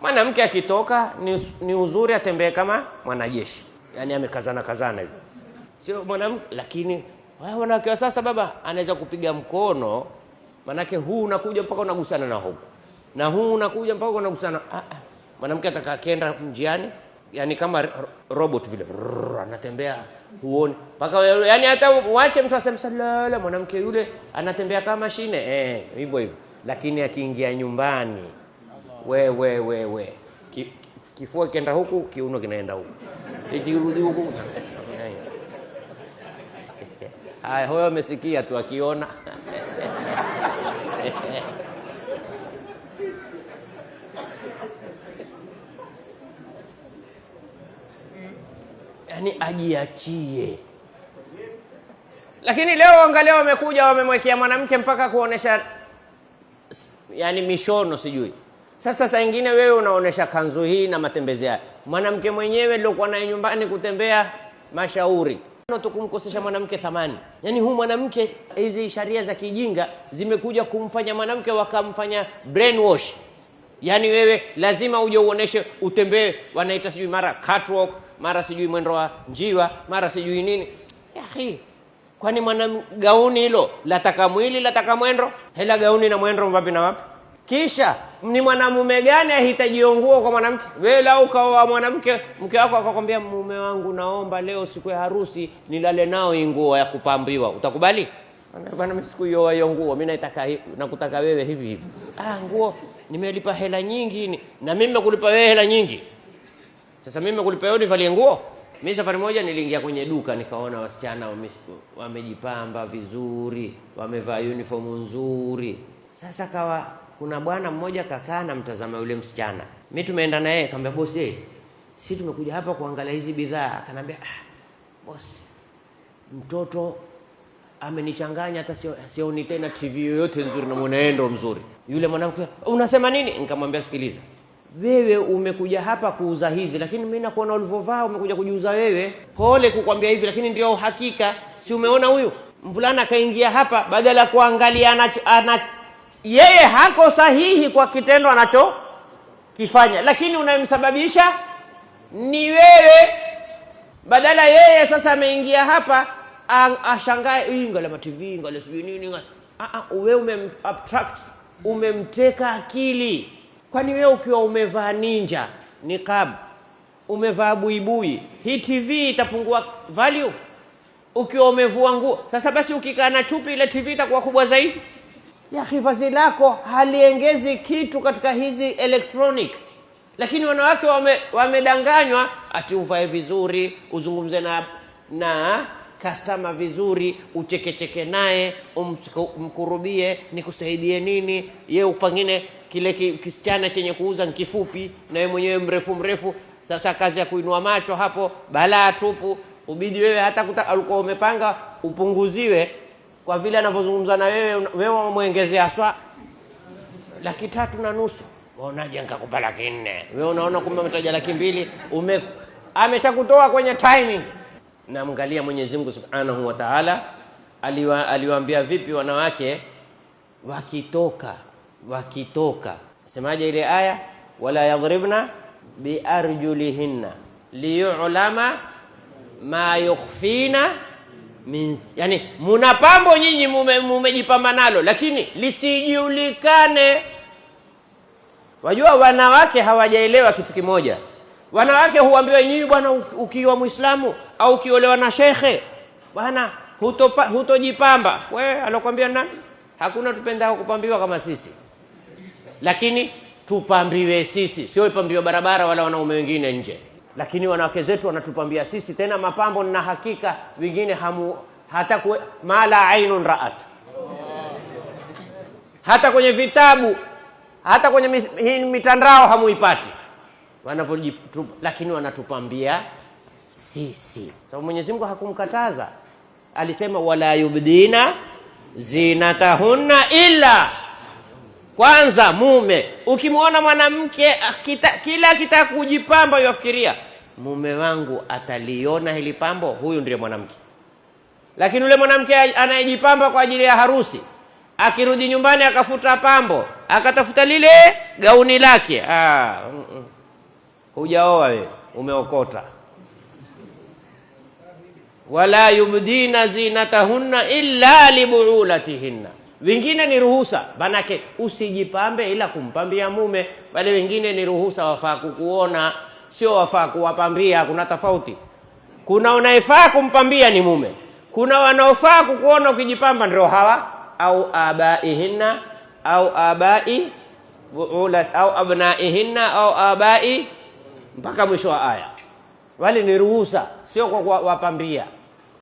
Mwanamke akitoka ni, ni uzuri atembee kama mwanajeshi, yaani amekazana kazana hivyo, sio mwanamke. Lakini wanawake wa sasa, baba anaweza kupiga mkono, manake huu unakuja mpaka unagusana na huku na huu unakuja mpaka unagusana. Ah, ah. mwanamke atakakenda mjiani, yani kama robot vile anatembea, huoni mpaka yani, hata wache mtu aseme salala, mwanamke yule anatembea kama mashine eh, hivyo hivyo, lakini akiingia nyumbani we we we we Ki, kifua kienda huku, kiuno kinaenda huku, ikirudi huku. Haya, huyo amesikia tu akiona Yaani ajiachie. Lakini leo angalia, wamekuja wamemwekea mwanamke mpaka kuonesha, yani mishono sijui sasa saa ingine wewe unaonesha kanzu hii na matembezi haya, mwanamke mwenyewe aliokuwa naye nyumbani kutembea mashauri tukumkosesha mwanamke thamani. Yaani huu mwanamke, hizi sharia za kijinga zimekuja kumfanya mwanamke, wakamfanya brainwash. Yaani wewe lazima uje uoneshe, utembee, wanaita sijui mara catwalk, mara sijui mwendo wa njiwa, mara sijui nini. Yaani kwani gauni hilo lataka mwili, lataka mwendo? Hela gauni na mwendo, wapi na wapi? Kisha ni mwanamume gani ahitaji nguo kwa mwanamke? Wewe lau mwanamke, mke wako akakwambia, mume wangu, naomba leo siku ya harusi nilale nao hii nguo ya kupambiwa, utakubali? Bwana, mimi sikuioa hiyo nguo, mimi naitaka nakutaka wewe hivi hivi. Ah, nguo nimelipa hela nyingi ni, na mimi nimekulipa wewe hela nyingi. Sasa mimi nimekulipa wewe nivalie nguo. Mimi safari moja niliingia kwenye duka nikaona wasichana wamejipamba wame vizuri, wamevaa uniform nzuri. Sasa kawa kuna bwana mmoja kakaa na mtazama yule msichana, mimi tumeenda naye akamwambia bosi, hey, eh, si tumekuja hapa kuangalia hizi bidhaa. Akanambia ah, bosi, mtoto amenichanganya, hata sioni tena TV yoyote nzuri na mwenendo mzuri. Yule mwanamke, unasema nini? Nikamwambia sikiliza, wewe umekuja hapa kuuza hizi, lakini mimi nakuona ulivovaa umekuja kujiuza wewe. Pole kukwambia hivi, lakini ndio uhakika. Si umeona huyu mvulana akaingia hapa, badala ya kuangalia anacho, anacho yeye hako sahihi kwa kitendo anachokifanya, lakini unayemsababisha ni wewe. Badala yeye sasa ameingia hapa ashangae, ngale ma TV ngale sijui nini, ah, ah, wewe umem abstract umemteka akili. Kwani wewe ukiwa umevaa ninja kab umevaa buibui, hii TV itapungua value? Ukiwa umevua nguo sasa, basi ukikaa na chupi, ile TV itakuwa kubwa zaidi ya hifadhi lako haliengezi kitu katika hizi electronic, lakini wanawake wamedanganywa, wame ati uvae vizuri, uzungumze na na customer vizuri, uchekecheke naye, umkurubie, nikusaidie nini, ye upangine kile kisichana chenye kuuza nkifupi na mwenyewe mrefu mrefu. Sasa kazi ya kuinua macho hapo, balaa tupu. Ubidi wewe hata alikuwa umepanga upunguziwe kwa vile anavyozungumza na wewe, wewe wamwengezea swa laki tatu na nusu, waonaje nikakupa laki nne? Wewe unaona kumbe umetaja laki mbili, ume ameshakutoa kwenye timing. Namngalia Mwenyezi Mungu Subhanahu wa Ta'ala aliwa, vipi wanawake wakitoka wakitoka, semaje ile aya, wala yadhribna biarjulihinna liyulama ma yukhfina min, yani muna pambo nyinyi mumejipamba mume nalo, lakini lisijulikane. Wajua wanawake hawajaelewa kitu kimoja. Wanawake huambiwa nyinyi, bwana, ukiwa Muislamu au ukiolewa na shekhe, bwana, hutojipamba huto. Wewe alokwambia nani? Hakuna tupendao kupambiwa kama sisi, lakini tupambiwe sisi, sio ipambiwe barabara wala wanaume wengine nje lakini wanawake zetu wanatupambia sisi tena mapambo, na hakika wengine hamu hata kwe, mala ainun raat, hata kwenye vitabu, hata kwenye hii mitandao hamuipati wanavyojitupa, lakini wanatupambia sisi. Sababu Mwenyezi Mungu hakumkataza, alisema wala yubdina zinatahunna illa kwanza mume, ukimwona mwanamke ah, kita, kila akitaka kujipamba yafikiria mume wangu ataliona hili pambo, huyu ndiye mwanamke. Lakini yule mwanamke anayejipamba kwa ajili ya harusi akirudi nyumbani akafuta pambo akatafuta lile gauni lake, ah, mm, mm. Hujaoa wewe, umeokota. wala yubdina zinatahunna illa libuulatihinna wengine ni ruhusa, manake usijipambe ila kumpambia mume, bali wengine ni ruhusa, wafaa kukuona, sio wafaa kuwapambia. Kuna tofauti. Kuna unayefaa kumpambia ni mume, kuna wanaofaa kukuona ukijipamba, ndio hawa au abaihinna au abai ulat au abnaihinna au abai, mpaka mwisho wa aya. Wale ni ruhusa, sio kwa kuwapambia.